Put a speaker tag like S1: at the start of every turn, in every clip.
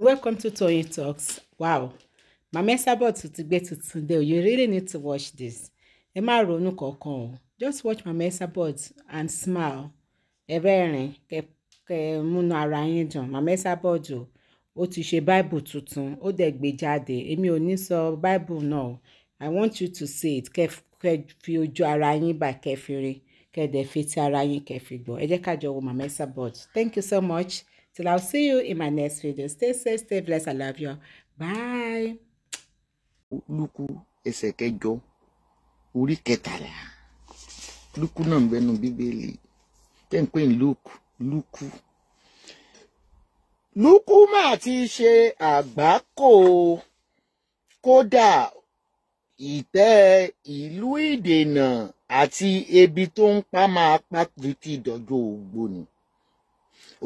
S1: Welcome to Toyeen Talks. Wow! Mama Esabod ti gbé tuntun dé o. You really need to watch this. Ẹ má ronú kankan o. Just watch Mama Esabod and smile. Ẹ rẹ́rìn kẹ múnú ara yín dùn. Mama Esabod o. Ó ti ṣe Bible tuntun. Ó dẹ̀ gbé jáde. Èmi ò ní sọ Bible náà. I want you to see it. Kẹ fi ojú ara yín bá kẹ fi rí. Kẹ dẹ̀ fi ti ara yín kẹ fi Ẹ jẹ́ ká jọ wo Mama Esabod. Thank you so much. Till I'll see you in my next video. Stay safe, stay blessed. I love you. Bye. Luku ẹsẹ̀ kẹjọ orí kẹtàlá luku náà no bẹnu bíbélì tẹ́ luku luku ní lúkù lúkù. Lúkù máa ti ṣe àgbákò kódà ìtẹ́ ìlú ìdènà àti ebi tó ń pa pa títí dọjọ́ ni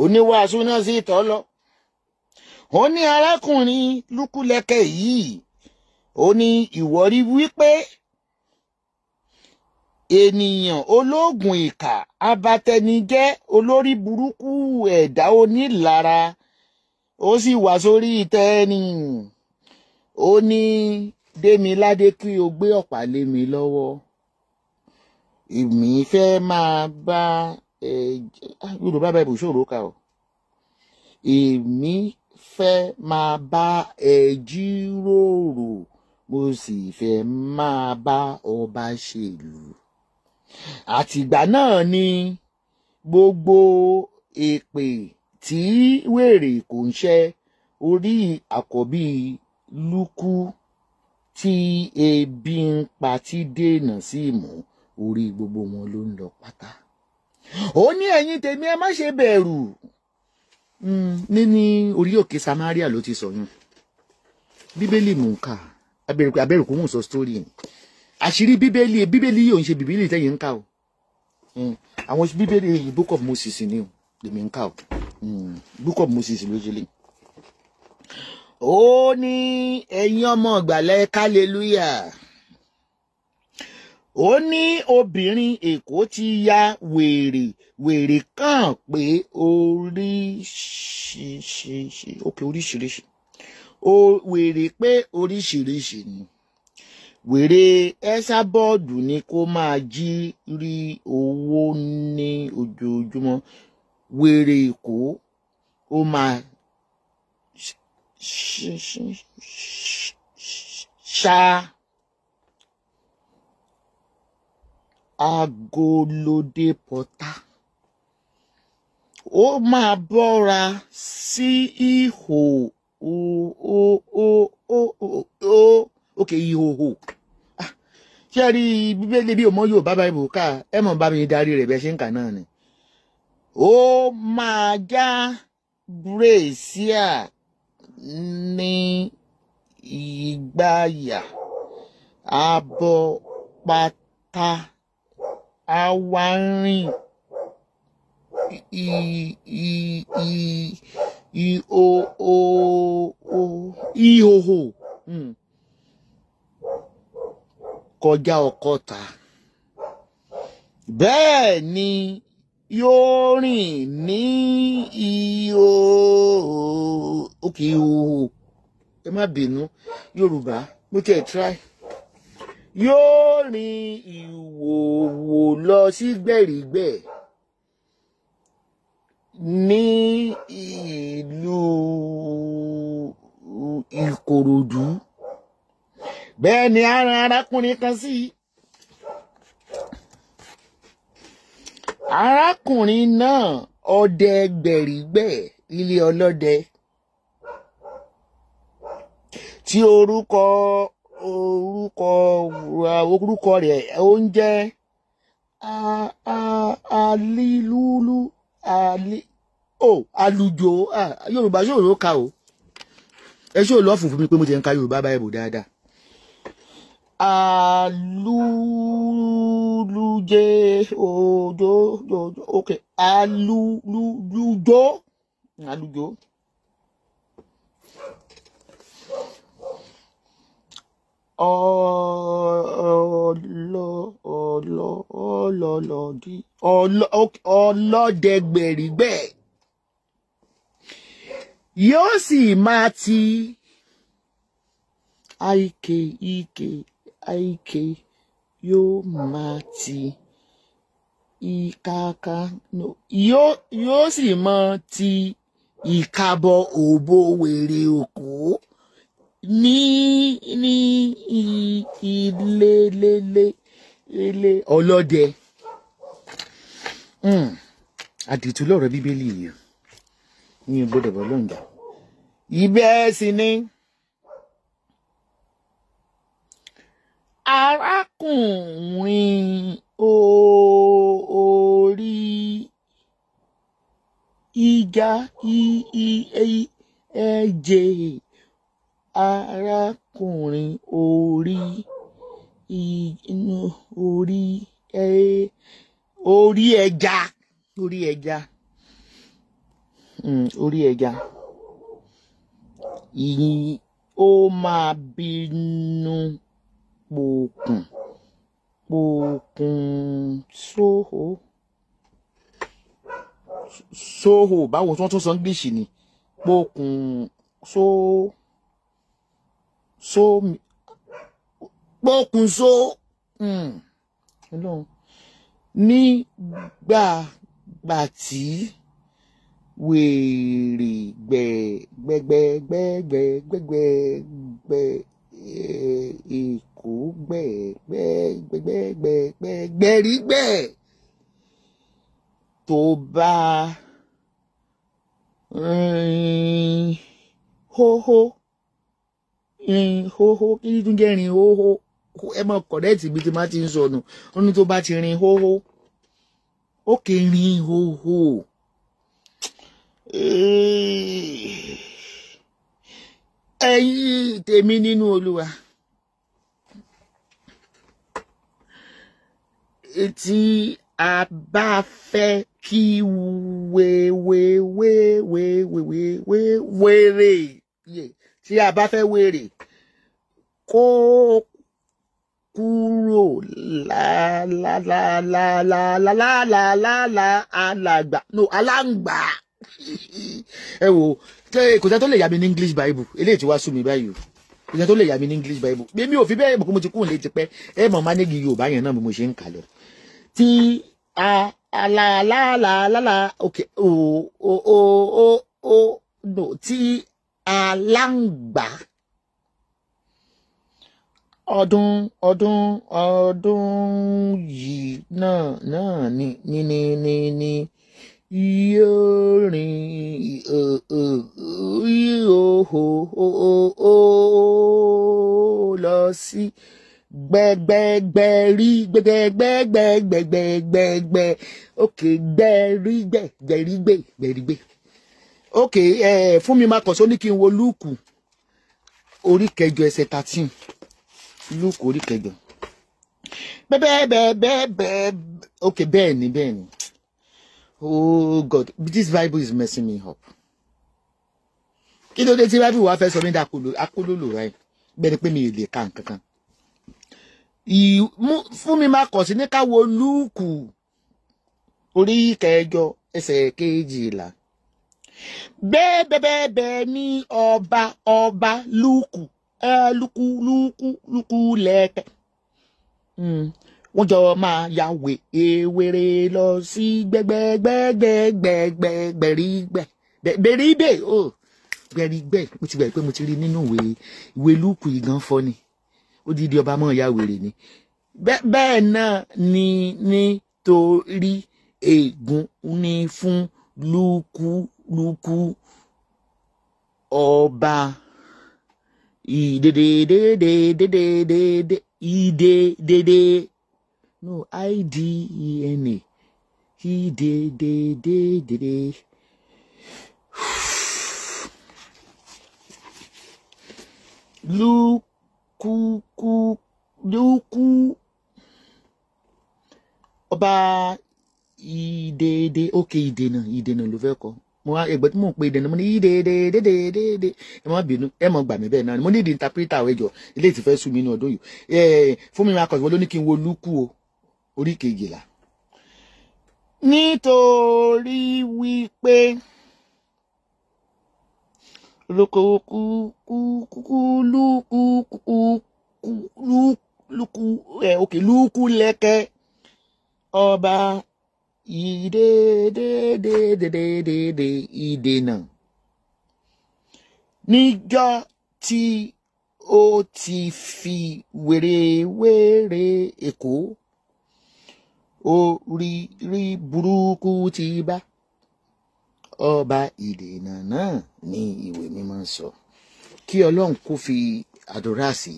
S1: oníwàásù náà sì tọ́ lọ ó ní arákùnrin lúkúlẹkẹ yìí ó ní ìwọ́rí wípé ènìyàn ológun ìkà abatẹnijẹ́ olórí burúkú ẹ̀dá onílara ó sì wà sórí ìtẹ́ ẹni ó ní Démiládé kí o gbé ọ̀pá lé mi lọ́wọ́ èmi fẹ́ máa bá yorùbá bible ṣòro kà o èmi fẹ́ máa bá ẹ jíròrò mo sì fẹ́ máa bá ọba ṣèlú àtìgbà náà ni gbogbo èpè tí wèrè kò ń ṣe orí àkọ́bí lúkú tí ebi ń pa tí dènà sí ìmọ̀ orí gbogbo wọn ló ń lọ pátá ó ní ẹ̀yin tèmi ẹ má ṣe bẹ̀rù níní hmm, orí òkè Samaria ló ti sọyún bíbélì mò ń kà abẹ́rù kò mò ń sọ sítórì ni àṣírí bíbélì bíbélì yìí ò ń ṣe bíbélì tẹ̀yìn ń kà o hmm, àwọn bíbélì book of Moses ni o lèmi ń kà o hmm, book of Moses ló ṣe lè ó ní ẹ̀yin ọmọ ìgbàlẹ̀ hallelujah ó ní obìnrin èkó ti ya wèrè wèrè kàn pé oríṣiríṣi òkè oríṣiríṣi ó wèrè pé oríṣiríṣi ni wèrè ẹ́sà bọ́ọ̀dù ni kó máa jí rí owó ní ojoojúmọ́ wèrè èkó ó máa ṣá. agolode pọ̀tá ó máa bọ́ra sí ihò o o o o o òkè ihòhò ah, ṣé rí bíbélì bí òmò yóò bá bá ibò ká ẹ mọ̀ bá mi darí rẹ̀ bẹ́ẹ̀ ṣe ń kà náà ni ó máa já bírèsíà ní ìgbáyà abọ́ pátá. A àwa ń rìn ìhòhò hmm. kọjá ọkọta bẹ́ẹ̀ ni yóò rìn ní ìhòhò òkè ìhòhò ẹ má bínú Yorùbá mo tẹ̀ try yóò rin ìwòwò lọ sí gbèrígbẹ̀ ní ìlú Ìkòròdú bẹ́ẹ̀ ni ara arákùnrin kan sí arákùnrin náà ọdẹ gbèrígbẹ̀ ilé ọlọ́dẹ tí orúkọ orúkọ orúkọ rẹ̀ oúnjẹ alilulu ali o alujo yorùbá ṣòro ka o ẹ ṣó lọ fún mi pé mo ti ń ka yorùbá báyìí dáadáa aluluje ojo ojo ok alulujo alujo. ọlọ́dẹgbẹ̀rígbẹ̀ yóò sì máa ti àìkè ìkè àìkè yóò máa ti ìkàkà yóò sì máa ti ìkàbọ̀ òbó wèrè òkú ní ní ilé lélé ilé ọlọ́dẹ hmm. àdìtú lọ́rọ̀ bíbélì yìí ní ìgbọ́dọ̀ bọ́ lóńjà ibẹ̀ sì ni arákùnrin orí ìjà ẹ̀jẹ̀ arákùnrin orí inú orí ẹ orí ẹja orí ẹja hmm, orí ẹja ìyìn ó máa bínú pòkùn pòkùn sóhò sóhò báwo tí wọ́n tún sọ English ni pòkùn sóhò so pokùn so hmm, ọlọ́run nígbàgbà tí wèrè gbẹgbẹgbẹgbẹgbẹgbẹgbẹ èkó gbẹgbẹgbẹgbẹgbẹrígbẹ tó bá ho ho hóhó kí ni tún jẹ́ rin hóhó ẹ mọ kọ̀dẹ́ẹ̀tì ibi tí má ti ń sọnù ó ní tó bá ti rin hóhó ó kì í rin hóhó ẹ̀yin tèmi nínú olúwa tí a bá fẹ́ kí wéwéwéwéwéwéwéré tí a bá fẹ́ wèrè kó kúrò lálálálálálálálálá alàgbà no aláǹgbà ẹ wo kò sẹ́ tó lè yà mí ní English Bible eléyìí ti wá sú mi báyìí o kò sẹ́ tó lè yà mí ní English Bible mímí ò fi bẹ́ẹ̀ mọ̀ pé mo ti kúrò létí pẹ́ ẹ mọ̀ mánégi Yorùbá yẹn náà bí mo ṣe ń kà lọ tí a alàlálálálá ok o o o o o no tí aláǹgbá ọdún ọdún ọdún yìí náà náà ni ni ni ni ni yóò rìn ìhòòhò lọ sí gbẹgbẹgbẹ rí gbẹgbẹgbẹgbẹgbẹgbẹgbẹ òkè gbẹ rí gbẹ gbẹ rí gbẹ gbẹ rí gbẹ. ok ẹ Fúnmi Marcus ó ní kí n wo lúùkù orí kẹjọ ẹsẹ̀ thirteen lúùkù orí ok bẹ́ẹ̀ ni oh God this Bible is messing me up kí ló dé tí Bible wàá fẹ́ sọ mí dá akólólò rẹ pé mi ò lè ka nǹkan kan Fúnmi ní ká wo lúùkù orí kẹjọ bẹ́ẹ̀bẹ́ẹ̀bẹ́ ní ọba ọba lúkù ẹ lúkù lúkù lúkù lẹ́kẹ̀. Hmm. wọ́n jọ máa ya wèrè lọ sí gbẹ́gbẹ́gbẹ́gbẹ́gbẹ́gbẹ́rígbẹ́ bẹ̀rígbẹ́ o gbẹ̀rígbẹ́ mo ti gbà mo ti rí nínú ìwé ìwé yìí gan fọ́ ni odidi ọba mọ̀ ya wèrè ni bẹ́ẹ̀ náà ni nítorí ègún ni fún lúkù n'ukwu ọba idedededededede idedede no idena idedededede lukuku lukwu ọba ìdèdè òkè ìdènà ìdènà ló fẹ́ kọ́ mo wá ẹgbẹ́ tí mò ń pe ìdènà mo ní yí déédéédéédéédé ẹ má bínú ẹ mọ̀ gbà mí náà mo ní ìdí interpreter àwọn ẹjọ́ ilé ti fẹ́ sú mi ní ọdún yìí fún mi máa kọ̀ ló ní kí n wo lúkú o orí kejìlá. nítorí wípé lúkú lúkú lúkú lẹ́kẹ́ ọba ìdèdèdèdèdè ìdènà níjọ́ tí ó ti fi wèrèwèrè èkó oríire burúkú ti bá ọba ìdènà náà ní ìwé mímọ́ sọ kí ọlọ́run kó fi àdúrà sí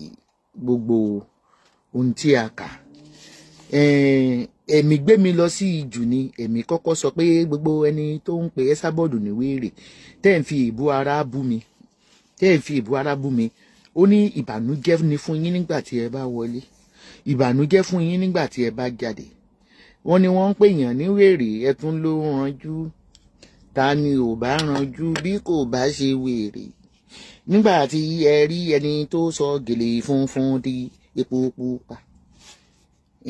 S1: gbogbo ohun tí a kà. Eh, ẹ̀mí gbé mi lọ sí ìjù ni ẹ̀mí kọ́kọ́ sọ pé gbogbo ẹni tó ń pè ẹ́ sábọ́ọ̀dù ní wéèrè tẹ́ ń fi ìbú ara bú mi tẹ́ ń fi ìbú ara bú mi ó ní ìbànújẹ́ ni fún yín nígbà tí ẹ bá wọlé ìbànújẹ́ fún yín nígbà tí ẹ bá jáde wọ́n ní wọ́n ń pè yàn ní wèrè ẹ tún ló ranjú ta ni ò bá ranjú bí kò bá ṣe wèrè nígbà tí ẹ rí ẹni tó sọ gèlè funfun di epo pupa.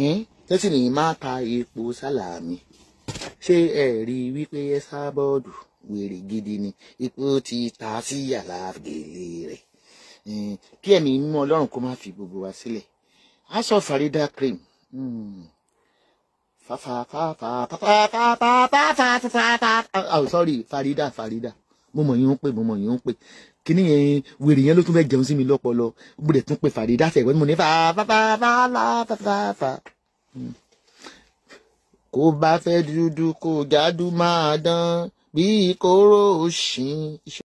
S1: Eh? tẹ́sí ni má ta epo sálàmì ṣé ẹ rí i wípé ẹ sábọ́ọ̀dù wèrè gidi ni epo ti ta sí yàrá gèlè rẹ̀ kí ẹ̀mí mímọ́ ọlọ́run kó má fi gbogbo wa sílẹ̀ aṣọ farida cream oh sorry farida farida mo mọ̀ yín ń pè mo mọ̀ yín ń pè kíní yẹn wèrè yẹn ló tún fẹ́ jẹun sí mi lọ́pọlọ gbọ́dọ̀ tún pè farida ṣẹ̀gbọ́n mo ní fa fa fa fa fa fa fa kó bá fẹ́ dúdú kó jádú máa dán bí kóró òṣìn.